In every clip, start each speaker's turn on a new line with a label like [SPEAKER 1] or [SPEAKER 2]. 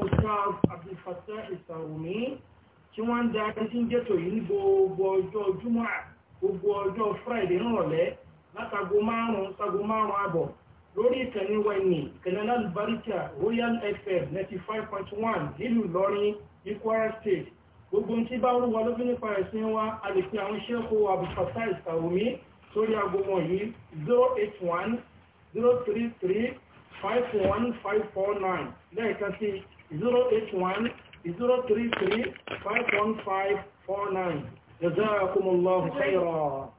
[SPEAKER 1] Ustaz Abdul Fattah Ìsàwùmí tí wọ́n ń darí sí ń jẹ́tò yìí ní gbogbo ọjọ́ Júmọ́ gbogbo ọjọ́ Friday nírọ̀lẹ́ látago márùn-ún sago márùn-ún àbọ̀ lórí ìkànnì wẹ̀nì ìkànnì alábàríkà Royal FM ninety five point one nílùú Ìlọrin ní Kwara State gbogbo tí bá wúwa ló fi nípa ẹ̀sìn wa a lè fi àwọn ṣẹ́kù Abdul Fattah Ìsàwùmí sórí agbomọ̀ yìí zero eight one zero three three five one five four nine lẹ́ẹ̀kan sí 081 033 51549 جزاكم الله خيرا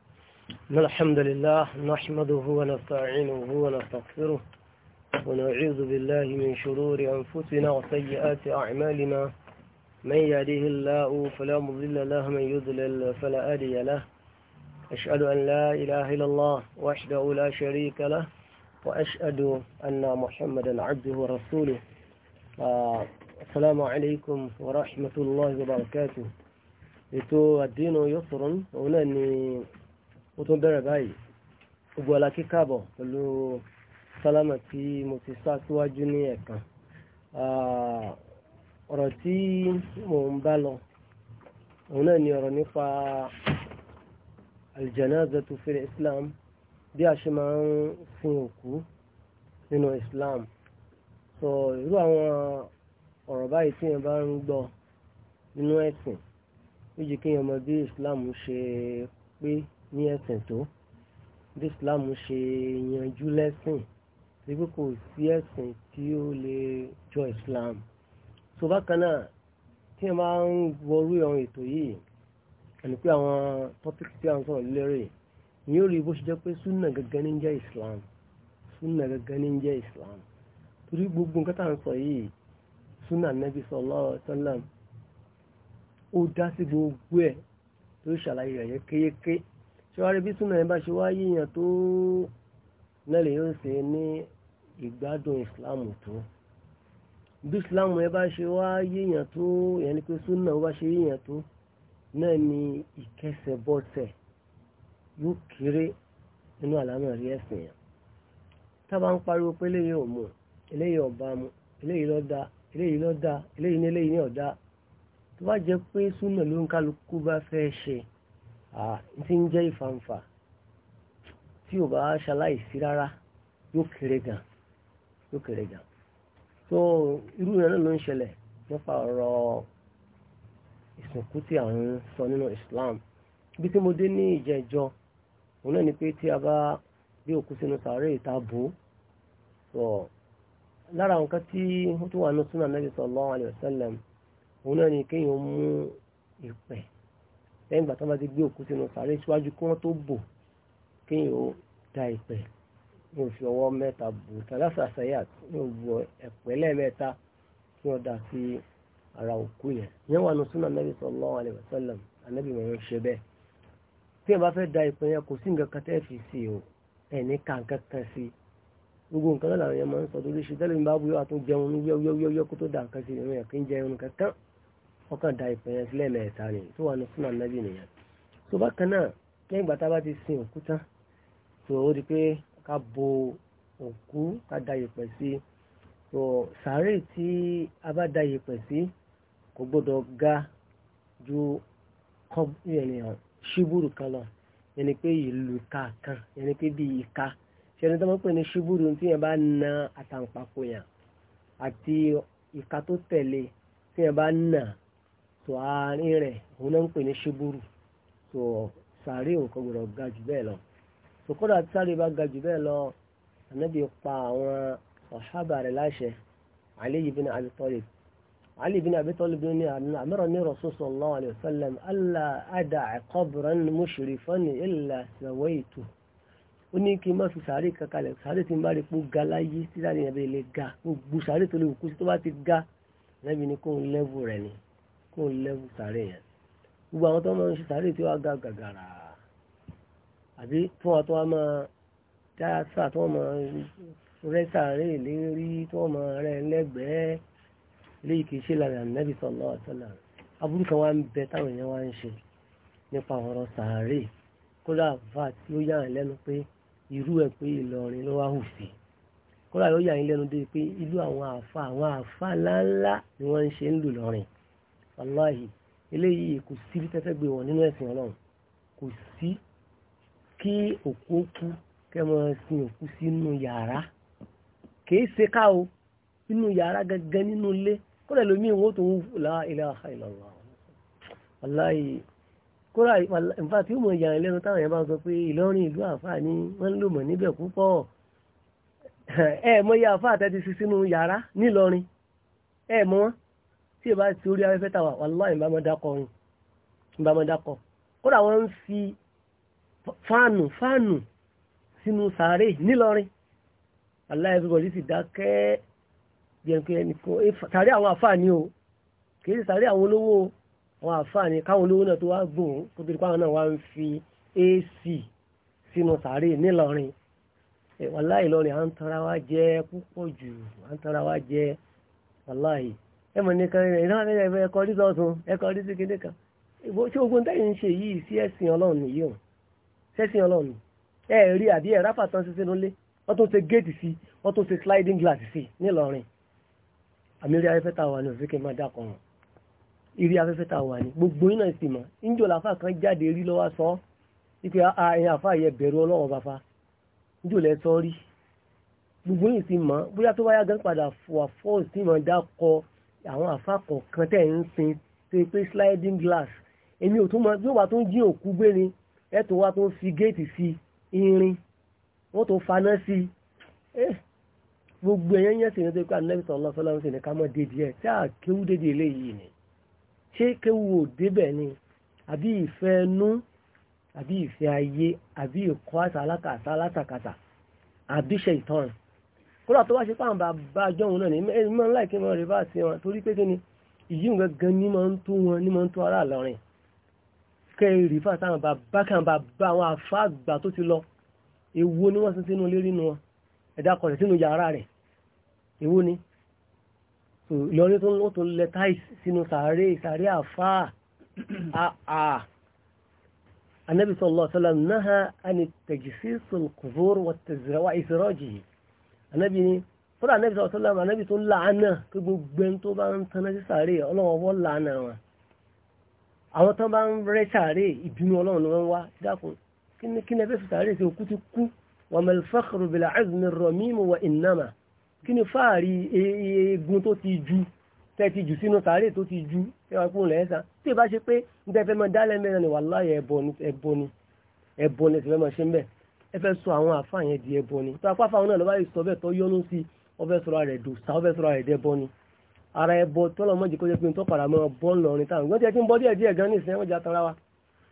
[SPEAKER 1] الحمد لله نحمده ونستعينه ونستغفره ونعوذ بالله من شرور أنفسنا وسيئات أعمالنا من يهده الله فلا مضل له من يضلل فلا هادي له أشهد أن لا إله إلا الله وحده لا شريك له وأشهد أن محمدا عبده ورسوله السلام عليكم ورحمة الله وبركاته ètò àdínú yọ́sọ̀rọ̀ òun náà ni ó tún bẹ̀rẹ̀ báyìí gbogbo alákí káàbọ̀ pẹ̀lú sálámà tí mo ti sá síwájú ní ẹ̀kan ọ̀rọ̀ tí mò ń bá lọ òun ni ọ̀rọ̀ nípa aljanazatu fil islam bí a ṣe máa ń sin òkú nínú islam so irú àwọn ọ̀rọ̀ báyìí tí yẹn bá ń gbọ́ nínú ẹ̀sìn ó jẹ́ kí yẹn mọ bí Islam ṣe pé ní ẹ̀sìn tó bí Islam ṣe yanjú lẹ́sìn wípé kò sí ẹ̀sìn tí ó lè jọ Islam so bákan náà tí yẹn bá ń wọrú àwọn ètò yìí ẹni pé àwọn topic tí a ń sọ̀rọ̀ lérè ni yóò rí bó ṣe jẹ́ pé súnà gangan ní jẹ́ Islam súnà gangan ní jẹ́ Islam torí gbogbo nǹkan tá à ń sọ yìí súnà nẹ́bí sallallahu alaihi wasallam ó dá sí gbogbo ẹ̀ tó ṣàlàyé rẹ̀ yékéyéké ṣọwárí bí súnà yẹn bá ṣe wá yíyan tó nẹ́lẹ̀ yóò ṣe ní ìgbádùn ìsìláàmù tó bí ìsìláàmù yẹn bá ṣe wá yíyan tó yẹn ni pé súnà ó bá ṣe yíyan tó náà ni ìkẹsẹ̀bọsẹ̀ yóò kéré nínú àlámọ̀ rí ẹ̀sìn yẹn tá a bá ń pariwo pélé yóò mú un eléyìí ọba mu eléyìí ló eléyìí ló eléyìí ní eléyìí ní ọ̀dá tó bá jẹ́ pé súnà ló ń kálukú bá fẹ́ ṣe tí ń jẹ́ ìfàǹfà tí ò bá ṣaláìsí rárá yóò kéré gan tó irú rẹ̀ náà ló ń ṣẹlẹ̀ nípa ọ̀rọ̀ ìsìnkú Islam ibi tí mo dé ní ìjẹ́jọ́ òun náà ni pé tí a bá bí òkú sínú sàárè ìta bò lára nǹkan tí ó tún wà ní súnà nàbì sallallahu alaihi wasallam òun náà ni kéèyàn mú ìpẹ̀ lẹ́yìn ìgbà tó bá ti gbé òkú sínú sàárè síwájú kí wọ́n tó bò kéèyàn ó da ìpẹ̀ ní òfi ọwọ́ mẹ́ta bò tàlásà sẹ́yà ní òbu ẹ̀pẹ́ lẹ́ẹ̀mẹ́ta kí wọ́n dà sí ara òkú yẹn yẹn wà ní súnà nàbì sallallahu alaihi wasallam ànábì mọ̀ ń ṣe bẹ́ẹ̀ tí gbogbo nǹkan náà làwọn èèyàn máa ń sọ lórí ṣe tẹ́lẹ̀ nígbà bóyá àtún jẹun ní yẹ́wọ́yẹ́wọ́ kó tó dà nǹkan sí ìrìn ẹ̀kí jẹ irun kankan ọkàn da ìpè yẹn sílẹ̀ mẹ́ta ni tó wà ní súnà nàbì nìyẹn. tó bá kan náà lẹ́yìn ìgbà tá a bá ti sin òkú tán tó o di pé ká bo òkú ká da ìpè sí tó sàárè tí a bá da ìpè sí kò gbọ́dọ̀ ga ju kọ́ ṣíbùrù kan lọ yẹn ni pé ìlú ká kan yẹn ni pé bíi ìka ṣẹni tó máa ń pè ní ṣubúrú tí yẹn bá na àtàǹpàkò yàn àti ìka tó tẹ̀lé tí yẹn bá nà tó àárín rẹ̀ òun náà ń pè ní ṣubúrú tó sàárè òkò gbọdọ̀ ga jù bẹ́ẹ̀ lọ tó kódà tí sàárè bá ga jù bẹ́ẹ̀ lọ ànábì pa àwọn ọ̀hábà rẹ̀ láṣẹ Ali ibn Abi Talib علي بن أبي طالب أمرني الرسول صلى الله عليه وسلم ألا أدع قبرا مشرفا إلا سويته ó ní kí n má fi sàárè kankalẹ̀ sàárè tí n bá rí pó ga láyé tí sàárè yẹn bẹ́ẹ̀ lè ga gbogbo sàárè tó lè kú sí tó bá ti ga lẹ́bi ni kó ń lẹ́bù rẹ̀ ni kó ń lẹ́bù sàárè yẹn gbogbo àwọn tó máa ń ṣe sàárè tí wọ́n ga gàgàrà àbí tí wọ́n tó wọ́n máa dáṣà tí wọ́n máa rẹ́ sàárè lérí tí wọ́n máa rẹ́ lẹ́gbẹ̀ẹ́ léyìí kì í ṣe lára nàbì sallallahu alaihi wasallam aburú ń bẹ táwọn èèyàn wá ń ṣe nípa ọ̀rọ̀ sàárè kódà vat ló yà lẹ́nu pé irú ẹ̀ pé Ìlọrin ló wá òfin kọ́lá yóò yà yín lẹ́nu dé pé ìlú àwọn àfa àwọn àfa ńláńlá ni wọ́n ń ṣe ń lù lọ́rin wàláhì eléyìí kò sí bí tẹ́tẹ́ gbé wọn nínú ẹ̀sìn ọlọ́run kò sí kí òkú kú kẹ́mọ́ sin òkú sínú yàrá kìí ṣe ká o nínú yàrá gẹ́gẹ́ nínú ilé kọ́lá lómi ìwọ́n tó ń la ilaha illallah wàláhì kóra ìfà tí ó mọ ìyàn ẹlẹ́nu táwọn yẹn bá sọ pé ìlọrin ìlú àfáà ni wọ́n ń lò mọ̀ níbẹ̀ púpọ̀ ẹ mọ iye àfáà tẹ́tí sí sínú yàrá nílọrin ẹ mọ wọn tí ìbá ti orí afẹ́fẹ́ tàwà wàláhì ìbámọ́dákọ ọ̀run ìbámọ́dákọ kódà wọ́n ń fi fáànù fáànù sínú sàárè nílọrin wàláhì everybody sì dákẹ́ jẹun pé ẹnìkan sàárè àwọn àfáà ni o kì í sàárè àwọn olówó o àwọn àfáàní káwọn olówó náà tó wá gùn kó tó di pàwọn náà wá ń fi ac sínú sàárè nílọrin wàláì lọrin à ń tara wa jẹ púpọ̀ jù à ń tara wa jẹ wàláì ẹ mọ̀ nìkan ẹ̀kọ́ rí lọ́sùn ẹ̀kọ́ rí sí kíndé kan ṣé ogun tẹ́yìn ń ṣe yìí sí ẹ̀sìn ọlọ́run nìyí o sẹ́sìn ọlọ́run ẹ rí àbí ẹ̀ ráfà tán ṣiṣẹ́ nulẹ̀ wọ́n tún ṣe géètì sí wọ́n tún ṣe sliding glass sí nílọrin àmì rí ayẹ́fẹ́ tàwa ni òfin kí n máa dákọ̀ ìrí afẹ́fẹ́ ta wà ní gbogbo iná sì mọ̀ níjọ́ làfà kan jáde rí lọ́wọ́ sọ wípé ah, ah, ẹ̀yin àfà yẹ bẹ̀rù ọlọ́wọ́ bàfà níjọ́ lẹ sọ rí gbogbo yìí sì mọ̀ bóyá tó wáyá gan padà wà fọ́ sí mọ̀ dákọ àwọn àfà kọ̀ọ̀kan tẹ̀ ń sin tó pé sliding glass èmi ò tún mọ bí ó wà tó ń jí òkú gbé ni ẹ tó wá tó ń fi géètì sí irin wọ́n tó faná sí eh, gbogbo ẹ̀yẹ́yẹ́ sì ní tó pé ànẹ́bìtàn ọlọ́fẹ́lá ń sìn ní ká mọ́ dédìí ẹ̀ tí àkéwú dédìí eléyìí ni ṣé kéwò débẹ̀ ni àbí ìfẹ́ nú àbí ìfẹ́ ayé àbí ìkọ́ àtàlákàtà látàkàtà àbí ṣe ìtàn kódà tó wá ṣe pàǹ bá bá jọ̀hún náà ní ẹni máa ń láìkí máa rí bá sí wọn torí pé kíni ìyí nǹkan gan ní máa ń tó wọn ní máa ń tó ara àlọrin kẹrì fà táwọn bá bá kàn bá bá àwọn àfá àgbà tó ti lọ èwo ni wọ́n sin sínú lérí nu wọn ẹ̀dá kọ̀ọ̀tẹ̀ sínú yàrá rẹ̀ èwo ni so Ìlọrin tó ń lọ tó ń lẹ táìs sínú sàárè sàárè àfáà àà anabi sallallahu alaihi wasallam náà àni tajsisul qubur wa israjihi anabi ni fúnra anabi sallallahu alaihi wasallam anabi tó làánà tó gbogbo ẹni tó bá ń taná sí sàárè ọlọ́wọ́ wọ́n làánà wọn àwọn tó bá ń rẹ́ sàárè ìbínú ọlọ́run ni wọ́n wá dákun kí ni kí ni ẹgbẹ́ kí ni fáàrí eegun e, tó ti ju tẹ́ ti jù sínú sàárè tó ti ju tẹ́ wá kúrò lẹ́sà tí ìbá ṣe pé ní tẹ́ fẹ́ máa dálẹ́ mẹ́rin ni wàláhì ẹbọ ni ẹbọ ni ẹbọ ni ẹsẹ̀ fẹ́ máa ṣe ń bẹ̀ ẹ fẹ́ sọ àwọn àfa yẹn di ẹbọ ni tó apá fáwọn náà lọ́ba yìí sọ bẹ́ẹ̀ tó yọ́nú sí ọfẹ́ sọ̀rọ̀ rẹ̀ dòṣà ọfẹ́ sọ̀rọ̀ rẹ̀ dẹ́bọ ni ara ẹbọ tọ́lọ̀ mọ́jì kó jẹ́ pé tó padà mọ́ bọ́ ń lọrin táwọn ìgbọ́n tí ẹ ti ń bọ́ díẹ̀ díẹ̀ gan ní ìsìn ẹ̀wọ̀n jàtara wa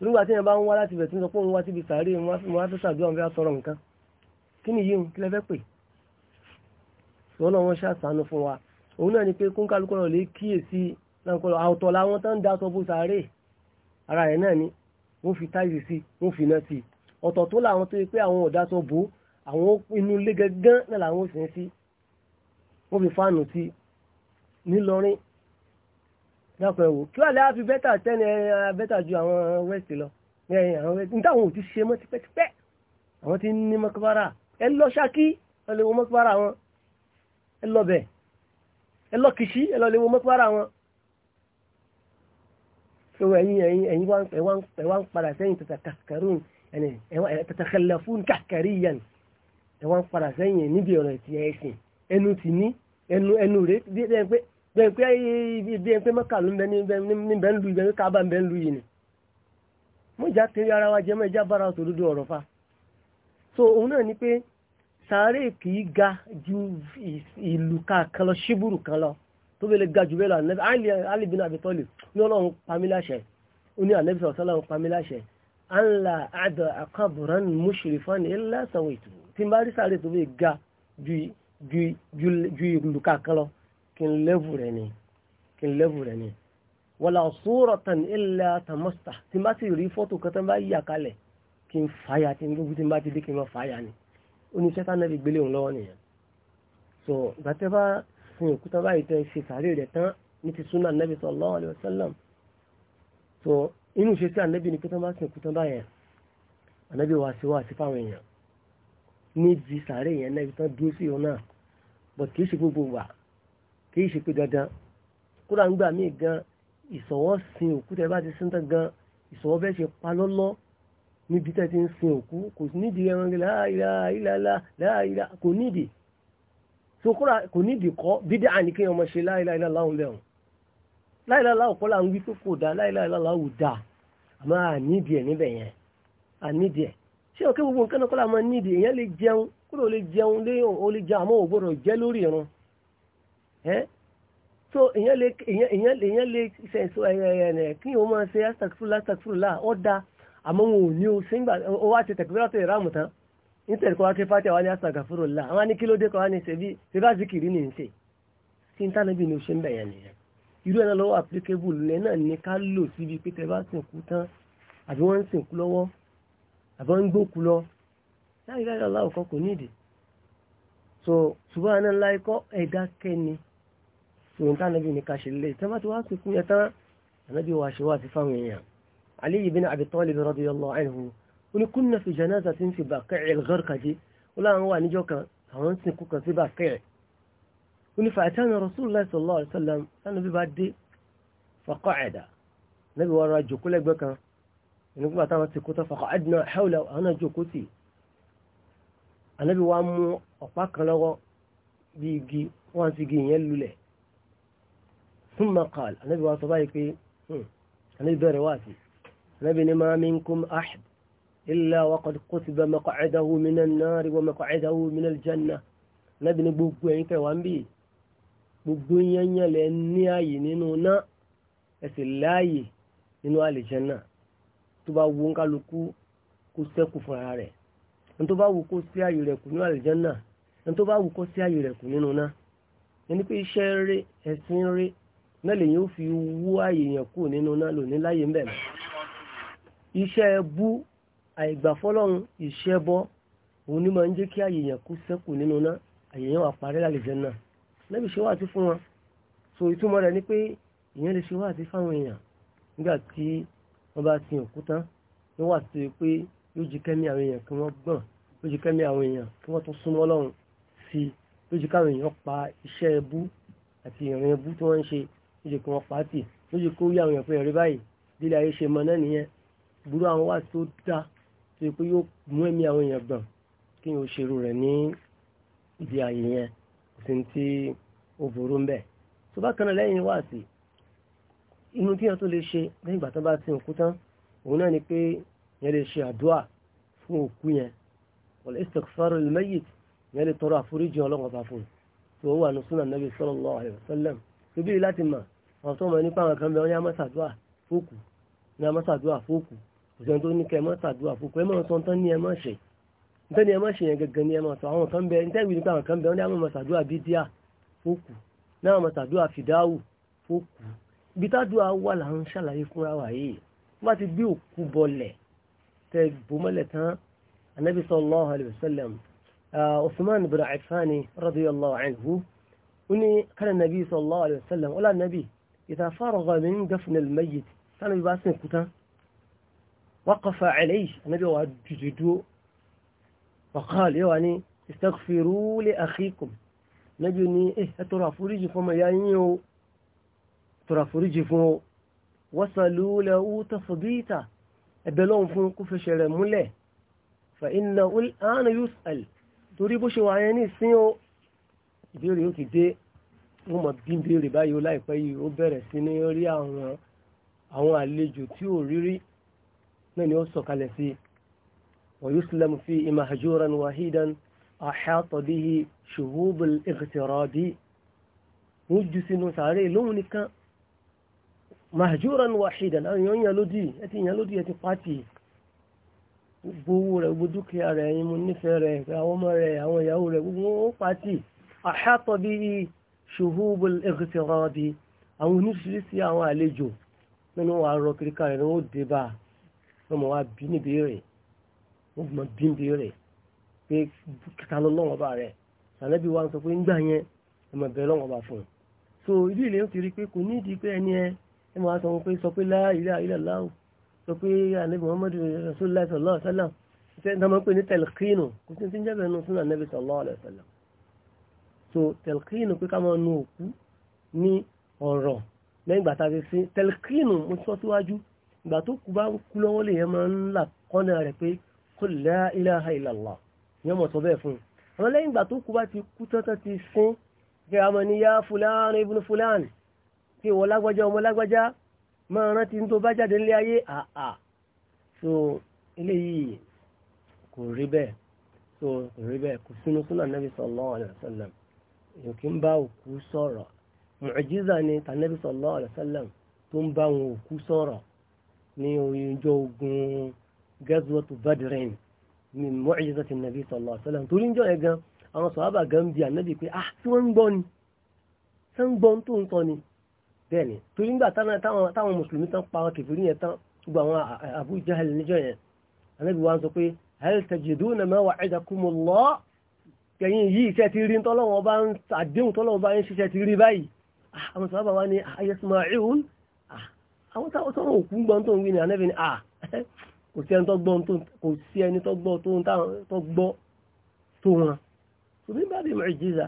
[SPEAKER 1] nígbà tí yẹn bá ń wá láti bẹ̀ tí ń sọ pé òun wá síbi sọ́nà wọn ṣàṣàánú fún wa òun náà ni pé kóńkálukọ́ lọ lè kíyèsí láǹkọ́lọ́ àwọ̀tọ̀ làwọn tó ń da aṣọ bó sáré ara rẹ̀ náà ni wọ́n fi táìsì sí wọ́n fi iná sí ọ̀tọ̀ tó làwọn tó yẹ pé àwọn ọ̀dà aṣọ bò àwọn inú ilé gángan náà làwọn ò sìn sí wọ́n fi fáànù sí nílọrin dákun ẹ̀wò kí wà lẹ́yìn àfi bẹ́tà tẹ́ni bẹ́tà ju àwọn west lọ nítawọn ò ti ṣe mọ́ tipẹ́tipẹ́ àwọn ti ní mọ́kàbára ẹ lọ ṣákí ẹ lè wọ mọ́kàbára wọn ẹ lọ bẹ̀ ẹ lọ kìsí ẹ lọ lè wo mọ́tòmára wọn. ṣé wọ́n ẹ̀yin ẹ̀yin ẹ̀yin wá ń padà sẹ́yìn tàtàkàrún ẹni tàtàkàlà fún kàkàrí yẹn ẹ wá ń padà sẹ́yìn níbi ọ̀rọ̀ ti ẹ̀sìn ẹnu ti ní ẹnu ẹnu rẹ̀ bẹ́ẹ̀ pé bẹ́ẹ̀ pé ibi ẹ̀ pé mọ́kà ló ń bẹ ń lu ibẹ̀ ń ń bẹ ń lu yìí ni mo jà tẹ̀lé ara wa jẹ́ mọ́ ẹja bára tòdodo ọ̀rọ̀ fa so òun náà ni pé sàárè kì í ga ju ìlú kan lọ ṣíbùrù kan lọ tó bẹ́ẹ̀ lè ga jù bẹ́ẹ̀ lọ ànẹ́bí Ali bin Abi Talib ní ọlọ́run pamíláṣẹ ó ní ànẹ́bí sọ̀rọ̀ sọ́lọ́run pamíláṣẹ ànlá àdọ̀ àkàbùrán mushrifan illa sawaitu tí n bá rí sàárè tó bẹ́ẹ̀ ga ju ìlú kan lọ kí n lẹ́bù rẹ̀ ni kí n lẹ́bù rẹ̀ ni wala suratan tí n bá sì rí fọ́tò kan tó bá yà kalẹ̀ kí n fàyà tí n bá ti dé kí n má fàyà ni oníṣẹ́ tánàbí gbélé òun lọ́wọ́ nìyẹn so gbàtẹ́ bá sin òkúta báyìí tẹ́ ṣe sàárè rẹ̀ tán ní ti súnà nẹ́bí sallallahu alaihi wasallam so inú ṣe sí ànẹ́bí ni kútọ́ bá sin òkúta báyẹn ànẹ́bí wa sí wá sí fáwọn èèyàn níbi sàárè yẹn náà tán dúró sí òun náà but kì í ṣe gbogbo wà kì í ṣe pé dandan kódà ń gbà míì gan ìsọ̀wọ́ sin òkúta bá ti sin tán gan ìsọ̀wọ́ bẹ́ẹ̀ ṣe pa níbi tẹ́ ti ń sin òkú kò nídìí ẹran láàyà ìlàlá láàyà kò nídìí sokora kò nídìí kọ́ bídẹ́ àníkè ọmọ ṣe láàyà ìlàlá òun lẹ́hùn láàyà ìlàlá òkọ́ là ń wí pé kò dá láàyà ìlàlá ò dá àmọ́ ànídìí ẹ̀ níbẹ̀ yẹn ànídìí ẹ̀ ṣé ọ̀kẹ́ gbogbo nǹkan náà kọ́ là máa nídìí èèyàn lè jẹun kúrò lè jẹun lé o lè jẹun àmọ́ ò gbọ́dọ̀ jẹ lórí irun ẹ́ so èèyàn lè èèyàn lè sẹ̀sọ ẹ̀ẹ́dẹ̀ kí wọ́n máa ṣe astagfurula astagfurula ọ̀ dáa àmọ́ wọn ò ní o sígbà ó wá ti tẹ̀kọ́ tó ìrámù tán nítorí kọ́ wá ké fàtí àwọn ní astaghfirullah àwọn ní kí ló dé kọ́ wá ní ṣe bí ṣe zikiri ní ṣe tí n tánà bí ni o ṣe ń bẹ̀yẹn nìyẹn irú ẹ̀ náà lọ́wọ́ applicable lẹ́ náà ní ká lò síbi pé tẹ bá sìnkú tán àbí wọ́n ń sìnkú lọ́wọ́ àbí wọ́n ń gbókú lọ láyé láyé ọ̀la ọ̀kan kò nídìí so ṣùgbọ́n àná ńlá ikọ́ ẹ̀dá kẹ́ni so n tánà bí ni ká ṣe lè tẹ́ bá علي بن أبي طالب رضي الله عنه ولكنا في جنازة في بقيع الغرقة ولا هو نجوك هنسنكوك في بقيع فأتانا رسول الله صلى الله عليه وسلم أنا ببادي فقعد نبي ورا جوكولك بكا نقول أتانا تكوتا فقعدنا حوله أنا جوكوتي أنا بوامو أباك لغو بيجي وانسيجين يلولي ثم قال أنا بواسطايك أنا بيري nabi ni ma minkum ahad illa waqad kutiba maq'adahu minan nari wa maq'adahu minal janna nabi ni gbogbo ẹ̀yin kẹwà ń bì gbogbo yẹnyẹn lẹ ní ààyè nínú náà ẹsẹ̀ láàyè nínú àlìjẹ́nà tó bá wo kálukú kó sẹ́kù fúnra rẹ̀ ẹni tó bá wù kó sí ààyè rẹ̀ kù nínú àlìjẹ́nà ẹni tó bá wù kó sí ààyè rẹ̀ kù nínú náà ẹni pé iṣẹ́ rí ẹ̀sìn rí náà lèyìn ó fi wú ààyè yẹn kù nínú náà lò ní láyé ń bẹ̀rẹ̀ iṣẹ́ ẹbú àìgbàfọ́lọ́run ìṣẹ́bọ òun ní máa ń jẹ́ kí àyèyàn kú sẹ́kù nínú náà àyèyàn wà parí lálejò náà lẹ́bi ṣe wáàtí fún wọn so ìtumọ̀ rẹ̀ ni pé ìyẹn lè ṣe wáàtí fáwọn èèyàn nígbà tí wọ́n bá sin òkú tán wọ́n wà sí pé yóò jí kẹ́mí àwọn èèyàn kí wọ́n gbọ̀n yóò jí kẹ́mí àwọn èèyàn kí wọ́n tún súnmọ́ Ọlọ́run sí i yóò jí káwọn èèyàn pa iṣẹ́ ẹbú àti ìrìn ẹbú tí wọ́n ń ṣe yóò jí kí wọ́n pa á tì yóò jí kó yí àwọn èèyàn pé ẹ̀rí báyìí lílé ayé ṣe mọ náà nìyẹn burú àwọn wá tó dá tó pé yóò mú ẹ̀mí àwọn èèyàn gbọ̀n kí n ò ṣerú rẹ̀ ní ibi àyè yẹn kò sí ti ó burú ń bẹ̀. tó bá kan náà lẹ́yìn wá sí inú tí wọ́n tó lè ṣe lẹ́yìn ìgbà tó bá ti òkú tán òun náà ni pé yẹn lè ṣe àdúà fún òkú yẹn wal istighfaru lil mayyit yẹn lè tọrọ àforíjì ọlọ́wọ́n bá fún un tó wà ní súnà nàbì sallallahu alaihi wasallam tó bí láti mọ̀ àwọn tó mọ̀ nípa àwọn kan bẹ́ẹ̀ ṣùgbọ́n tó ní kẹ́ ẹ má ṣàdúrà fún kọ́ ẹ má sọ tán ní ẹ má ṣe nítorí ẹ má ṣe yẹn gẹ́gẹ́ ní ẹ má sọ àwọn kan bẹ nítorí nípa àwọn kan bẹ wọn ní àwọn ọmọ ṣàdúrà bídíà fókù náà ọmọ ṣàdúrà fìdáwù fókù ibi tádùá wà là ń ṣàlàyé fúnra wà yìí wọ́n bá ti gbé òkú bọlẹ̀ tẹ bòmọ́lẹ̀ tán anabi sallallahu alayhi wa sallam Uthman ibn Affan radiyallahu anhu ó ní kánà nabi sallallahu alayhi wa sallam ọlá nabi ìtàfàrọ̀ waqafa alayhi anábì wà dùdù dúó waqala yóò wà ní istaghfiru li akhikum anábì ní ẹ tọrọ àforíjì fún ọmọ ìyá yín o tọrọ àforíjì fún o wasalu lahu tasbita ẹ̀bẹ̀ lọ́hùn fún kó fẹsẹ̀ rẹ̀ múlẹ̀ fa inna al-ana yus'al نني وسقلسي ويسلم في مهجورا وحيدا احاط به شهوب الاغتراب مجسن ساري لونك مهجورا واحدا ان يلودي اتي يلودي اتي قاتي بوره بدوك يا ري منفره يا عمره يا ياوره بو قاتي احاط به شهوب الاغتراب او نجلس يا والجو من هو الركركار ودي بقى wọ́n mọ̀ wá bí níbi rẹ̀ wọ́n mọ̀ bí níbi rẹ̀ pé kíkà ló lọ́wọ́ bá rẹ̀ sànẹ́bí wa ń sọ pé ńgbà yẹn ẹ mọ̀ bẹ́ẹ̀ lọ́wọ́ bá fún un so ilé ìlẹ́yìn ti rí pé kò ní ìdí pé ẹni ẹ ẹ máa sọ pé sọ pé la ilaha illallah sọ pé ànábì muhammadu rasulullah sallallahu alaihi wasallam ṣe ń dámọ́ pé ní tẹ̀lkínù kò sí ti ń jẹ́bẹ̀ẹ́ fún ànábì sallallahu alaihi so tẹ̀lkínù pé ká máa nu òkú ní ọ̀rọ̀ lẹ́yìn gbàtà fi sí tẹ̀lkínù mo sọ síwájú ìgbà tó kú bá kú lọ́wọ́ lè yẹn máa ń là kọ́nà rẹ̀ pé kò la ilaha illallah yẹn mọ̀ tó bẹ́ẹ̀ fún un àwọn lẹ́yìn ìgbà tó kú bá ti kú tọ́tọ́ ti sín kí a mọ̀ ní yá fúlàní ibùn fúlàní kí wọ́n lágbájá ọmọ lágbájá máa rántí tó bá jáde nílé ayé àà so eléyìí kò rí bẹ́ẹ̀ so kò rí bẹ́ẹ̀ kò sínú súnà nàbì sallallahu alaihi wasallam èèyàn kì í bá òkú sọ̀rọ̀ mu'jiza ni tànàbì sallallahu ń bá òkú sọ̀rọ̀ ní oríjọ ogun gazwatu badrin ní mu'jizati nàbí sallallahu alaihi wasallam torí ń jọ ẹ̀gan àwọn sọ̀hábà gan bí ànábì pé ah tí wọ́n ń gbọ́ ni tí wọ́n ń gbọ́ tó ń sọ ni bẹ́ẹ̀ ni torí ńgbà táwọn mùsùlùmí tán pa kẹfìrí yẹn tán gbogbo àwọn Abu Jahl níjọ yẹn ànábì wa ń sọ pé hal tajiduna ma wa'adakumullah kẹyìn yìí iṣẹ́ ti rí tọ́lọ́wọ́ bá ń àdéhùn tọ́lọ́wọ́ bá ń ṣiṣẹ́ ti rí báyìí ah, àwọn sọ̀hábà wa ni ah, ayé àwọn táwọn sọ̀rọ̀ òkú gbọ́n tó ń wí ni ànẹ́bí ni à kò sí ẹni tó gbọ́ kò sí ẹni tó gbọ́ tó ń tó gbọ́ tó wọn. tòmí bá bí mọ̀jíza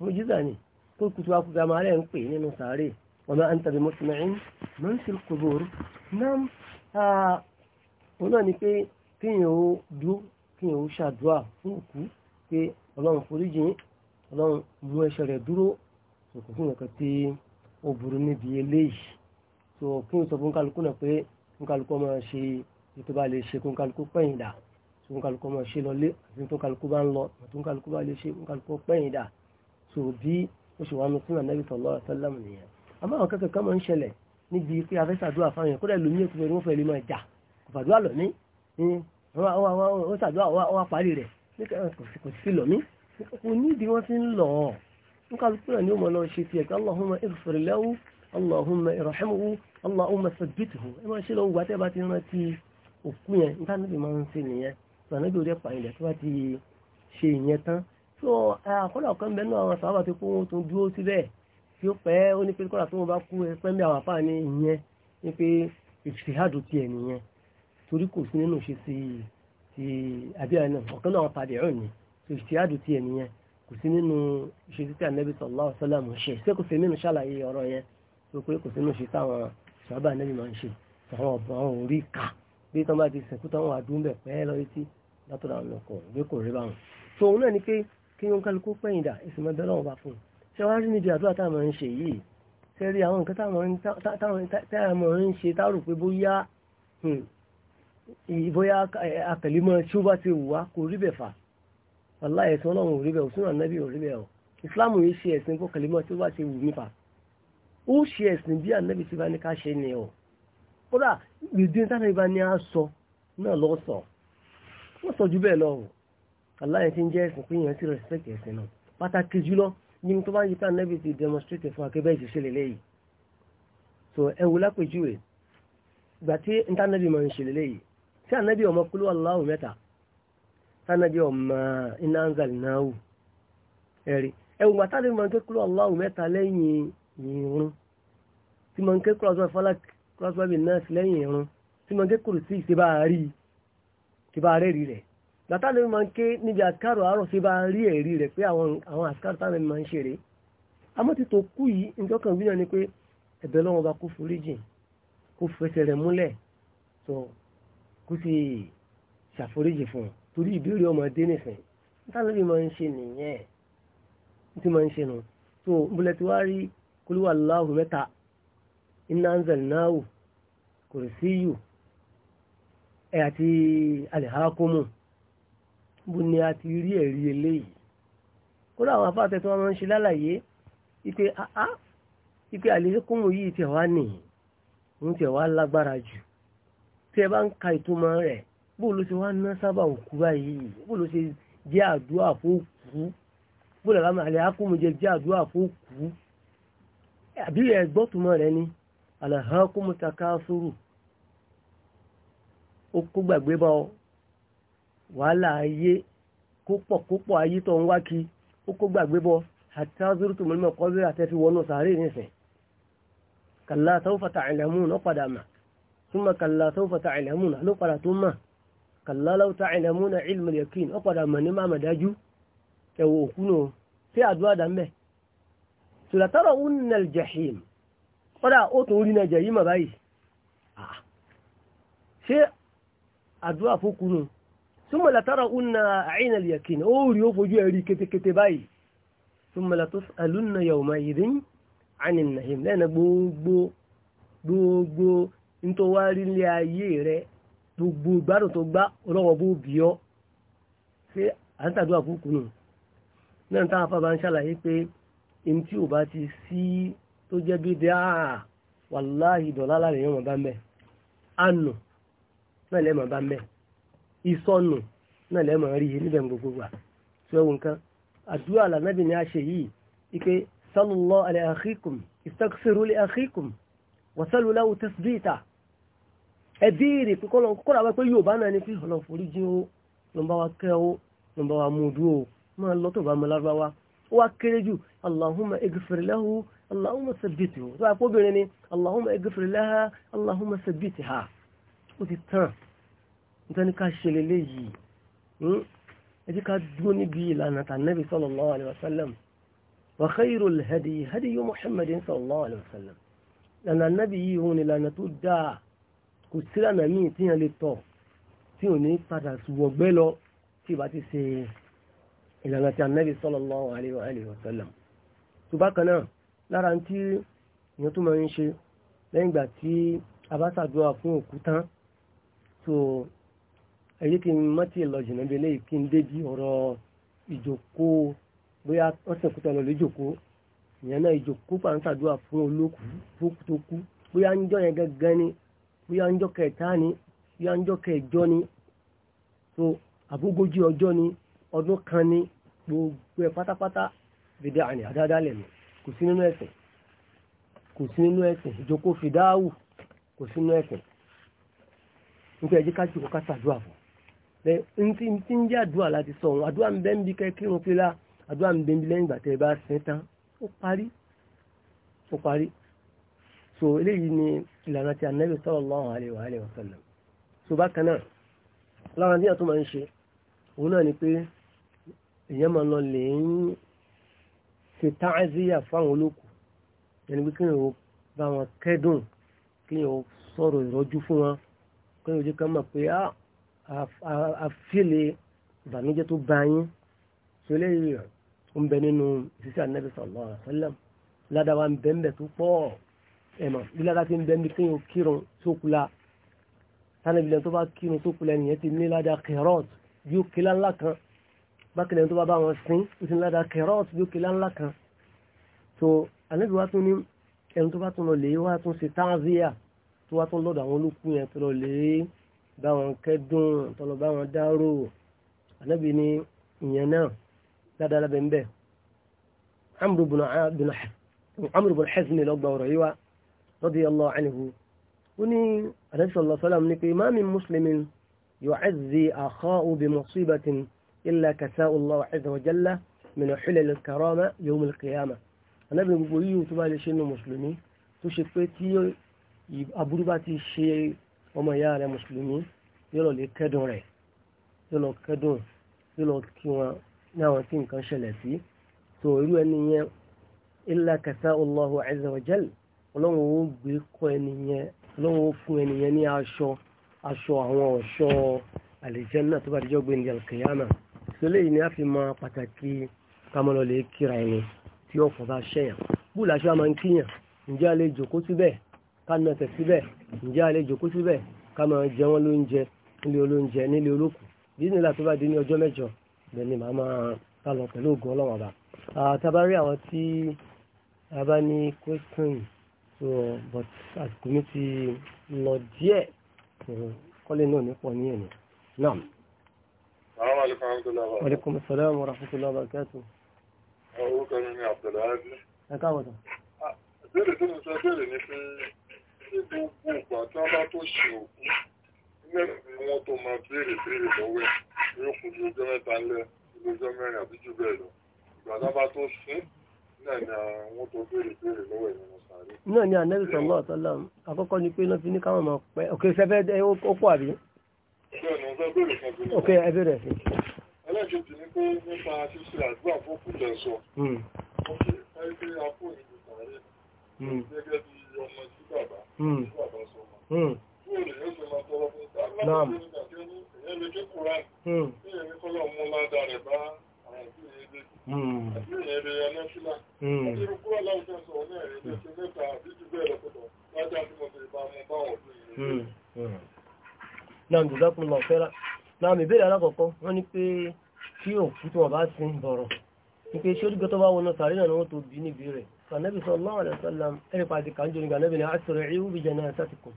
[SPEAKER 1] mọ̀jíza ni kó kutu akutu àmọ́ alẹ́ ń pè nínú sàárè ọmọ àǹtàbí mọ́tìmẹ́rin máa ń ṣe kòbòrò náà òun náà ni pé kíyàn ó dúró kíyàn ó ṣàdúrà fún òkú so kí n sọ fún kálukú náà pé kálukú ọmọ ṣe ètò bá lè ṣe kún kálukú pẹ̀yìn dà so kálukú ọmọ ṣe lọlé àti tó kálukú bá ń lọ àti kálukú bá lè ṣe kálukú pẹ̀yìn dà so bí ó ṣe wà nù sínú ànábì sallallahu alaihi nìyẹn àmọ́ àwọn kẹ́kẹ́ kan máa ń ṣẹlẹ̀ níbi pé afẹ́sàdúrà fáwọn yẹn kódà lómi ètò ìwé fẹ́ lè máa jà kò fàdúrà lọ ní ó ṣàdúrà Allahumma irhamhu Allahumma thabbithu ẹ máa ṣe lọ́wọ́ gbàtẹ́ bá ti rántí òkú yẹn níta níbi máa ń ṣe nìyẹn tó ànábì orí ẹ̀pà ilẹ̀ tó bá ti ṣe ìyẹn tán tó àkọ́lá ọ̀kan bẹ́ẹ̀ náà àwọn sàábà ti kó wọn tó dúró síbẹ̀ tí ó pẹ́ ó ní pé kọ́lá tó wọn bá kú ẹpẹ́ ń bí àwọn àpá ní ìyẹn ní pé ìfìhádù ti ẹ̀ nìyẹn torí kò sí nínú ṣe sí ti àbíyá náà ọ̀kan náà padì ọ̀hún ni ìfìhádù ti ẹ̀ nìyẹn kò sí nínú ṣe sí ti ànábì sallallahu alaihi ṣe ṣé kò sí nínú ṣàlàyé ọ̀rọ̀ yẹn tó pé kò sí nínú ṣe táwọn sàbà nẹ́bí máa ń ṣe àwọn ọ̀bọ̀n orí ká bí tán bá ti sẹ̀kú táwọn àdúgbẹ̀ pẹ́ lọ etí látọ̀dọ̀ àwọn ọkọ̀ ìwé kò rí báwọn. tó òun náà ni pé kí wọn kálukú pẹ̀yìn dà èsì máa bẹ́ lọ́wọ́ bá fún un. ṣé wàá rí níbi àdúrà táwọn máa ń ṣe yìí ṣé rí àwọn nǹkan táwọn máa ń ṣe táwọn rò pé bóyá hmm, bóyá akẹ̀límọ̀ tí ó bá ti wà kò rí bẹ̀ fà wàláhì ẹ̀sìn ọlọ́run ò rí bẹ̀ òsùn ànábì ò rí bẹ̀ ọ̀ yìí ṣe ẹ̀sìn kó ti wù mí fà ó ṣe ẹ̀sìn bí ànábì ti bá ní ká ṣe ni ọ kódà gbèdín tánà ìbá ní á náà lọ wọ́n sọ jù bẹ́ẹ̀ lọ ti ń jẹ́ ẹ̀sìn pé èèyàn ti respect ẹ̀sìn náà pàtàkì jùlọ ní tó bá yí ká ànábì ti demonstrate fún akẹ́bẹ́ ìṣiṣẹ́ lélẹ́yìí so ẹ wò lápèjúwe ìgbà tí ntánàbì máa ń ṣe tí ọmọ kúlú irun tí mo ń ké kúrọ̀sọ́ falak kúrọ̀sọ́ bíi náà lẹ́yìn irun tí mo ń ké kúrò sí ìṣèbá rí ìṣèbá rẹ́rì rẹ̀ gbàtà ló máa ń ké níbi àkàrò àárọ̀ ṣe bá rí ẹ̀rí rẹ̀ pé àwọn àkàrò táwọn ẹni máa ń ṣeré àmọ́ ti tó kú yìí nǹkan kan wí náà ni pé ẹ̀bẹ̀ lọ́wọ́n bá kó foríjìn kó fẹsẹ̀ rẹ̀ múlẹ̀ tó kó sì ṣàforíjìn fún un torí ìbéèrè ọmọdé nìsín níta ló lè máa ń ṣe nìyẹn ní ti ń ṣe nù tó múlẹ̀ tí wàá rí kúlúwà aláhùn mẹ́ta iná ń zẹ̀ náà kò sí yù ẹ àti alìhákómù bó ni a ti rí ẹ̀rí eléyìí kódà àwọn afáàtẹ tí wọ́n máa ń ṣe lálàyé ipe àá ipe alìhákómù yìí tiẹ̀ wá nìyí òun tiẹ̀ wá lágbára jù tí ẹ bá ń ka ìtumọ̀ rẹ̀ bó ló ṣe wá ná sábà òkú báyìí bó ló ṣe jẹ́ àdúrà fún òkú bó lọ́la àlìhákómù jẹ́ jẹ́ àdúrà fún òkú àbí ẹ̀gbọ́tùmọ̀ rẹ̀ ni alahakumutaka suru ó kó gbàgbé bá ọ wàhálà ayé kópọ̀ kópọ̀ ayé tó ń wá kí ó kó gbàgbé bọ́ àti azúrútù mọ́lẹ́mọ́ kọ́bí àtẹ́fi wọnú sàárè nísìn kàlá sawfa ta'lamun náà padà mà súnmọ́ kàlá sawfa ta'lamun náà ló padà tó mà kàlá law ta'lamuna ilmul yaqin ó padà mà ní má mà dájú ẹ̀wọ̀ òkú náà sí àdúrà dà mẹ́ẹ̀ sùlátọ́rọ̀ ń nà jẹ̀hìm kọ́dà ó tó rí na jẹ̀hìm báyìí ṣé àdúrà fókùnù ثم لترون عين اليقين او ريوفو جو اري كتي كتي باي ثم لتسالن يومئذ عن النعيم لان gbogbo gbogbo nto wa ri le ayé rẹ̀ gbogbo gbádùn tó gbà Ọlọ́run bo bi o ṣe an in tí ò bá ti sí tó jẹ́ bí dé àà ah, wàláhì dọ̀lá láàrin yóò máa bá ń bẹ̀ ànù náà lẹ́ẹ̀ máa bá ń bẹ̀ ìsọnù náà lẹ́ẹ̀ máa rí i níbẹ̀ gbogbo gbà tí ó wù nǹkan àdúrà lànàbì ni a ṣe yìí ike sálùlọ́ alẹ́ àkíkùm ìsàkùsẹ̀rù lẹ́ àkíkùm wàsálùláwù tẹ́síbíìtà ẹ béèrè pé kọ́lọ̀ kọ́lọ̀ àwọn pé yóò bá náà ní fi ọ̀lọ́ forí jí ó ló ń kẹ́ ó ló ń mú dúró máa lọ bá mọ lárúbáwá ó wá kéré jù allahumma egifirilahu allahumma sabiti o tó àpò obìnrin ni allahumma egifirilaha allahumma sabiti ha ó ti tán nítorí ká ṣe lélẹ́ yìí hmm? ẹ jẹ́ ká dúró níbi ìlànà tànàbí sallallahu alaihi wasallam wa khairul hadi hadi muhammadin sallallahu alaihi wasallam lànà nábì yìí òun ni lànà tó dáa kò sí lànà míì tí lè tọ̀ tí ò ní padà wọ̀gbẹ́ lọ tí ìbá ti ṣe ìlànà tí anábì sallallahu alaihi wa sallam tó bákan náà lára tí èèyàn tó máa ń ṣe lẹ́yìn ìgbà tí a bá ṣàdúrà fún òkú tán tó ẹ̀yẹ́ kí n má ti lọ jìnnà bí eléyìí kí n débi ọ̀rọ̀ ìjókòó bóyá wọ́n sì kúta lọ lójókòó ìyẹn náà ìjókòó pa ń ṣàdúrà fún olókùú tó kú bóyá ń jọ yẹn gangan ni bóyá ń jọ kẹta ni bóyá ń jọ kẹjọ ni tó àbógójì ọjọ́ ni ọdún kan ní gbogbo ẹ̀ pátápátá fìdá àní àdáadáa lẹ̀mí kò sí nínú ẹ̀sìn kò sí nínú ẹ̀sìn ìjókò fìdáàwù kò sí nínú ẹ̀sìn nítorí ẹ̀jẹ̀ ká jùlọ ká ṣàdúrà fún un ní ti ń jẹ́ àdúrà láti sọ òun àdúrà ń bẹ́ ń bí kẹ́kírun fílà àdúrà ń bẹ́ ń bí lẹ́yìn ìgbà tẹ́ bá sin tán ó parí ó parí so eléyìí ni ìlànà ti ànábì sallallahu alaihi wa alihi wa so bákan náà lára ní àtúmọ̀ ń ṣe òun náà ni pé èèyàn máa lọ lè ń ṣe táàzíyà fáwọn olókù ẹni pé kéèyàn ó bá wọn kẹ́dùn kéèyàn ó sọ̀rọ̀ ìrọ́jú fún wọn kéèyàn ó jẹ́ ká mọ̀ pé àfẹ́lẹ̀ ah, ìbànújẹ́ tó bá yín ṣe léyìí ń bẹ nínú ìṣiṣẹ́ ànábì sallallahu alaihi wasallam ládàá ń bẹ́ẹ̀ tó pọ̀ ẹ̀mọ̀ bí ládàá ti ń bẹ́ẹ̀ bí kéèyàn ó kírun sókùlà tánàbìlẹ̀ tó bá kírun sókùlà ẹnìyẹn bákẹ́lẹ̀ tó bá bá wọn sín ó ti ń ládàá kẹrọ́ọ̀t bí ó kele ńlá kan so ànábì wa tún ní ẹni tó bá tún lọ lè wá tún ṣe táàzíà tó wá tún lọ́dọ̀ àwọn olókù yẹn tó lọ lè bá wọn kẹ́dùn tó lọ bá wọn dárò ànábì ní ìyẹn náà dáadáa lábẹ́ ń bẹ̀ amru bin Hazm lọ́gbà ọ̀rọ̀ yìí wa radiyallahu anhu ó ní ànábì sallallahu ní pé má min muslimin yu'azzi إلا كساء الله عز وجل من حلل الكرامة يوم القيامة النبي يقول يو تبا لشين مسلمي تشفتي aburú bá ti ṣe ọmọ ìyá rẹ̀ mùsùlùmí yóò lọ lè kẹ́dùn rẹ̀ yóò lọ kẹ́dùn yóò lọ kí wọn ní àwọn tí nǹkan ṣẹlẹ̀ sí tó irú ẹni yẹn illa kasa'u Allahu azza wa jal ọlọ́run ó gbé kọ́ ẹni yẹn ọlọ́run ó fún ẹni yẹn ní aṣọ aṣọ àwọn ọ̀ṣọ́ àlùjánnà tó bá dijọ́ gbé ní al-qiyamah sọlẹ yìí ni a fi mọ pàtàkì kamọlọlẹ kíra ẹni tí ọ̀fọ̀ bá ṣẹyàn bú làṣọ àmọ ń kíyàn ǹjẹ́ a lè jòkó síbẹ̀ ká síbẹ̀ ǹjẹ́ a lè síbẹ̀ ká máa wọn lóúnjẹ nílé olóúnjẹ nílé olókùn disney la tó bá di ní ọjọ́ mẹ́jọ bẹ́ẹ̀ ni màá máa ká lọ pẹ̀lú ògùn ọlọ́wọ́n bá tabarí àwọn tí a bá ní question so but àsìkò mi ti lọ díẹ̀ kọ́lé náà nípọ̀ ní ẹ̀yìn náà. السلام عليكم ورحمة الله وبركاته وعليكم السلام ورحمة الله وبركاته orúkọ mi ni Abdullahi ẹkáwọ̀tọ̀ ìbéèrè tó ń sọ bẹ̀rẹ̀ ni pé ní gbogbo ìgbà tí wọ́n bá tó ṣe òkú mẹ́rin ni wọ́n tó máa béèrè béèrè lọ́wọ́ ẹ̀ yóò kún ju ọjọ́ mẹ́ta lẹ́ ọjọ́ mẹ́rin àbí jù bẹ́ẹ̀ lọ ìgbà tí wọ́n bá tó sún náà ni wọ́n tó béèrè béèrè lọ́wọ́ ẹ̀ nínú sàárè. náà ni Ànábì sallallahu alaihi wasallam àkọ́kọ́ ni pé náà fi ní káwọn máa pẹ́ òkè sẹ́fẹ́ ó pọ̀ àbí ok ẹ bẹ̀rẹ̀ sí. ẹlẹ́jọ̀tì ni pé nípa ṣíṣe àdúrà fún òkúta ẹ̀sọ́ wọ́n ṣe káyé pé apó ìlú tààrẹ gẹ́gẹ́ bí ọmọ tí ṣe máa fún ìta alábàáṣe nígbà tí ẹni èèyàn lè ké kúrán ní èmi kọ́lọ́ mú ládà rẹ̀ bá àwọn àti
[SPEAKER 2] èèyàn lè àti
[SPEAKER 1] èèyàn lè yan náfìlà àti irú kúrò láwùjọ ṣe mẹ́ta àbí jù bẹ́ẹ̀ lọ́kọ̀tọ̀ lájà tí mo fi bá náà dùdákùn lọ fẹ́ra náà mi bèèrè alákọ̀ọ́kọ́ wọ́n ní pé kí òkú tí wọ́n bá sin bọ̀rọ̀ ní pé ṣé olùgbé tó bá wọnà sàárè náà wọ́n tó bí níbi rẹ̀ sànẹ́bí sallallahu alaihi wasallam ẹ̀rẹ̀ pàdé kàńjọ nígbà nẹ́bí ni asri'u bi janazatikum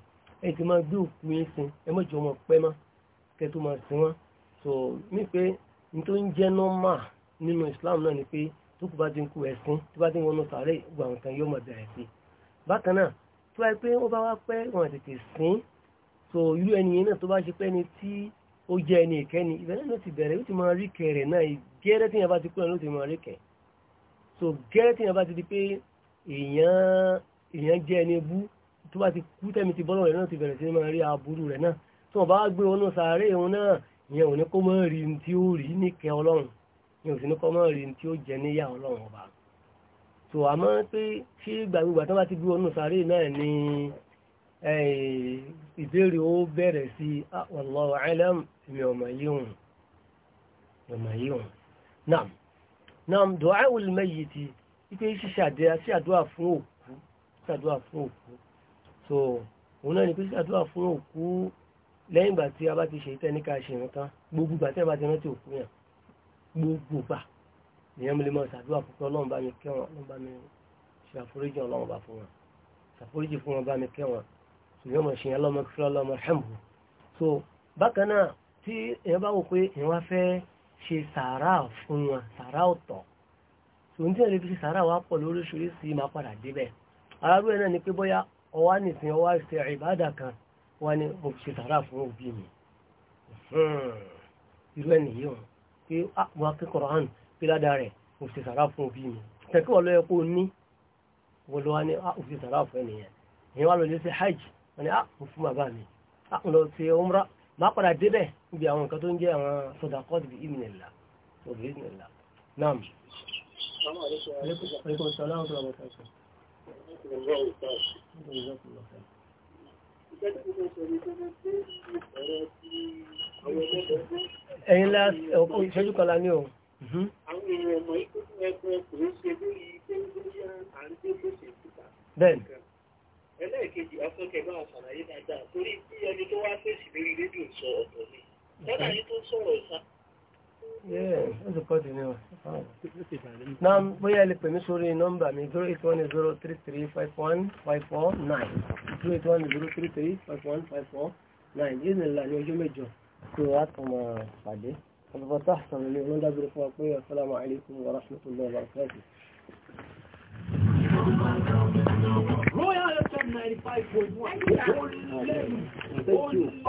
[SPEAKER 1] ẹ̀ ti máa gbé òkú yín sin ẹ mọ̀ jọ ọmọ pẹ́ mọ́ kẹ́ tó máa sin wọ́n so ní pé ní tó ń jẹ́ nọ́mà nínú Islam náà ni pé tó kù bá ti ń kú ẹ̀sìn tó bá ti ń wọnà sàárè gbà wọn kan yóò mọ̀ bẹ̀rẹ̀ sí bákan náà tó wáyé pé wọ́n bá wá pẹ́ wọn tètè sin so irú ẹni yẹn náà tó bá ṣe pé ẹni tí ó jẹ́ ẹni ìkẹ́ni ìbẹ̀rẹ̀ ló ti bẹ̀rẹ̀ ó ti máa rí kẹrẹ̀ náà gẹ́rẹ́ tí yẹn bá ti kúrò ló ti máa rí kẹ̀ so gẹ́rẹ́ tí yẹn bá ti di pé èèyàn jẹ́ ẹni bú tó bá ti kú tẹ̀mí ti bọ́lọ̀ rẹ̀ náà ti bẹ̀rẹ̀ sí máa rí aburú rẹ̀ náà tí wọ́n bá gbé wọnú sàárè wọn náà ìyẹn ò ní kó máa rí ní tí ó rí níkẹ́ ọlọ́run ìyẹn ò sì ní kó máa Eh, ìbéèrè ó bẹ̀rẹ̀ sí ah, wallahu alam mi ọmọ yíhùn ọmọ yíhùn nam nam dùá al-mayyiti ipe ṣíṣe àdéhà sí àdúrà fún òkú sí àdúrà fún òkú so
[SPEAKER 2] òun náà ni pé sí àdúrà
[SPEAKER 1] fún òkú lẹ́yìn ìgbà tí a bá ti ṣe ìtẹ́ ní ká ṣe nǹkan gbogbo ìgbà tí a bá ti rántí òkú yẹn gbogbo gbà ìyẹn mi lè máa ṣàdúrà fún pé ọlọ́run bá mi kẹ́ ọlọ́run bá mi ṣàforíjì ọlọ́run bá fún wọn ṣàforíjì fún wọn bá mi kẹ́ yóò mọ̀ ṣe ọlọ́mọ kí ọlọ́mọ ṣẹ́mù so bákan náà tí èèyàn bá wò pé èèyàn wá fẹ́ ṣe sàárà fún wọn sàárà ọ̀tọ̀ so ní tí èèyàn lè fi ṣe sàárà wá pọ̀ lóríṣiríṣi máa padà débẹ̀ arábí ẹ̀ náà ni pé bóyá ọwá nìsín ọwá ṣe ìbádà kan wá ní mo ṣe sàárà fún òbí mi hmm, irú ẹ̀ nìyí wọn pé mo akẹ́kọ̀ọ́ hàn pé ládàá rẹ̀ mo ṣe sàárà fún òbí mi tẹ̀kí wọ́n lọ́yẹ kó ní wọ́n lọ́wọ́ ní mo sàárà fún ẹnìyẹn ìyẹn wá lọ lé sí hajj wọ́n ni ah mo fún bàbá mi ah mo lọ sí umra máa padà débẹ̀ níbi àwọn nǹkan tó ń jẹ́ àwọn sọ̀dàkọ́ ti ibi nìlá òbí nìlá náà mi. aleykum salaam wa ìṣẹ́jú kan la ní o. àwọn èèyàn mọ̀ ikú ẹgbẹ́ kò ń ṣe lórí pé yá à ń dé ẹlẹ́ẹ̀kejì afẹ́kẹ́ bá àṣàlàyé dáadáa torí bí ẹni tó wá fèsì lórí rédíò sọ ọ̀tọ̀ ni mm-hmm. lọ́dà yìí tó sọ̀rọ̀ ìta. Na bóyá ẹ lè pè mí sórí nọ́mbà mi zero eight one zero three three five one five four nine zero eight one zero three three five one five four nine yìí nìlá ní ọjọ́ mẹ́jọ tó a tún máa pàdé. Àbúkọ́ tá a sọ̀rọ̀ ní ọlọ́dà bí wọ́n fún wa pé asalaamualeykum wa rahmatulahi wa barakatuh. 95.1. Thank you.